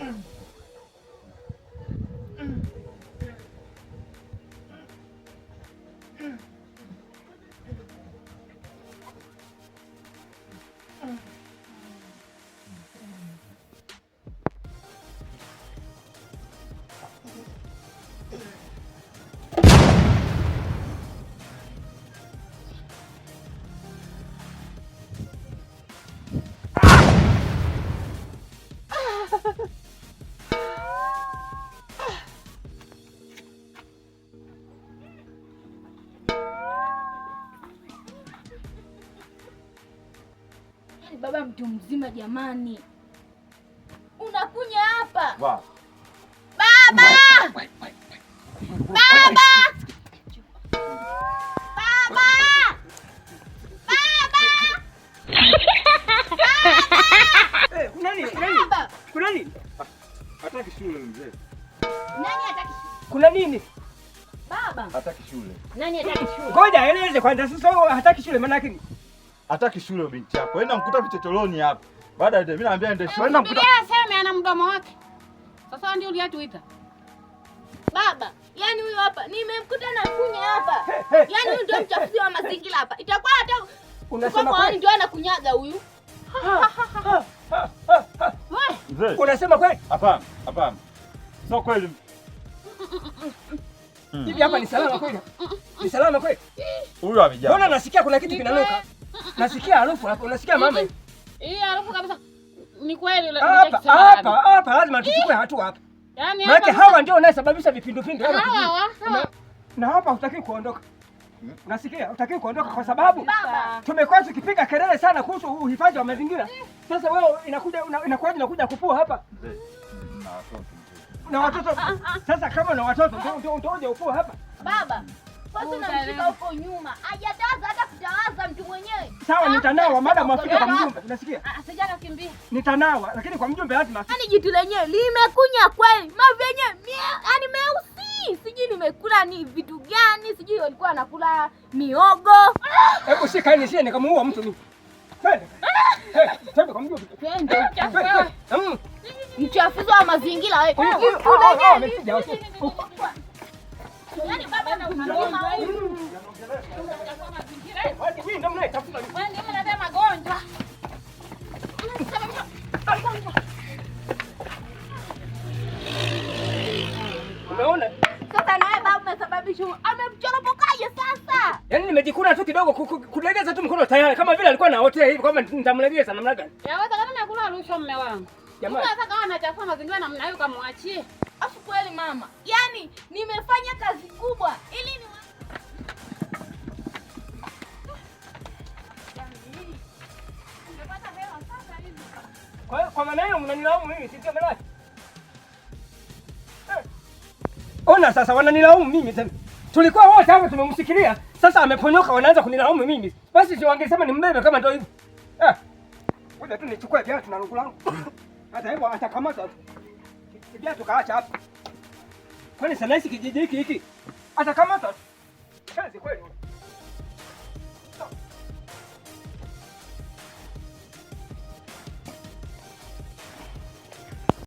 Mm-hmm. baba mtu mzima jamani, unakunya hapa wow. Baba baba baba baba eh, kuna nini? Kuna nini? Hataki shule mzee. Nani hataki? Kuna nini? Baba hataki shule. Nani hataki shule? Ngoja eleze kwanza, sasa hataki shule maana yake Hataki shule binti yako. Enda mkuta vichochoroni hapa. Baada ya mimi naambia ende shule. Enda mkuta. Yeye aseme ana mdomo wake. Sasa ndio uliyatuita. Baba, yani huyu hapa nimemkuta na kunya hapa. Yani huyu ndio mchafuzi wa mazingira hapa. Itakuwa hata unasema kwani ndio anakunyaga huyu. Wewe unasema kweli? Hapana, hapana. Sio kweli. Hivi hapa ni salama kweli? Ni salama kweli? Huyu amejaa. Mbona nasikia kuna kitu kinanuka? Nasikia harufu hapo, unasikia mama? Hii harufu kabisa. Ni kweli ile hapa hapa hapa lazima tuchukue hatu hapa. Yaani hapa hawa ndio wanasababisha hawa. Na hapa hutaki kuondoka. Hmm? Nasikia hutaki kuondoka kwa sababu tumekuwa tukipiga kelele sana kuhusu uhifadhi wa mazingira. Sasa wewe inakuja inakuja inakuja kupua hapa. Na watoto ah, ah, ah. sasa, kama na watoto ndio ndio ndio upua hapa. Baba, sasa unamshika huko nyuma. Hajataza Sawa, ah, nitanawa mada mwafika kwa mjumbe. Unasikia? Ah, ah, Sijana kimbia. Nitanawa lakini kwa mjumbe lazima. Yaani jitu lenyewe limekunya kweli. Mavi yenyewe yaani meusi. Sijui nimekula ni vitu gani? Sijui walikuwa anakula miogo. Hebu shika hili shie nikamuua mtu mimi. Twende. Twende kwa mjumbe. Twende. Hmm. Mchafuzi wa mazingira wewe. Unajua. Yaani baba na uzima huyu. Yaani nimejikuna tu kidogo kulegeza tu mkono tayari kama vile alikuwa naotea hivi kama nitamlegeza namna gani? Yaweza kana nakula rushwa mume wangu. Jamaa sasa kama anachafua mazingira namna hiyo kamwachie. Afu kweli mama, yaani nimefanya kazi kubwa ili ni kwa, kwa maana hiyo mnanilaumu mimi, si ndio malaki? Eh. Ona sasa wananilaumu mimi tena. Tulikuwa wote hapo tumemsikilia, sasa ameponyoka wanaanza kunilaumu mimi. Basi si wangesema ni mbebe kama ndio hivyo. Eh. Ngoja tu nichukue viatu na rungu langu. Hata hivyo atakamata Tuja tukaacha hapa. Kwani sanaisi kijiji hiki hiki? Hata kama kazi kweli.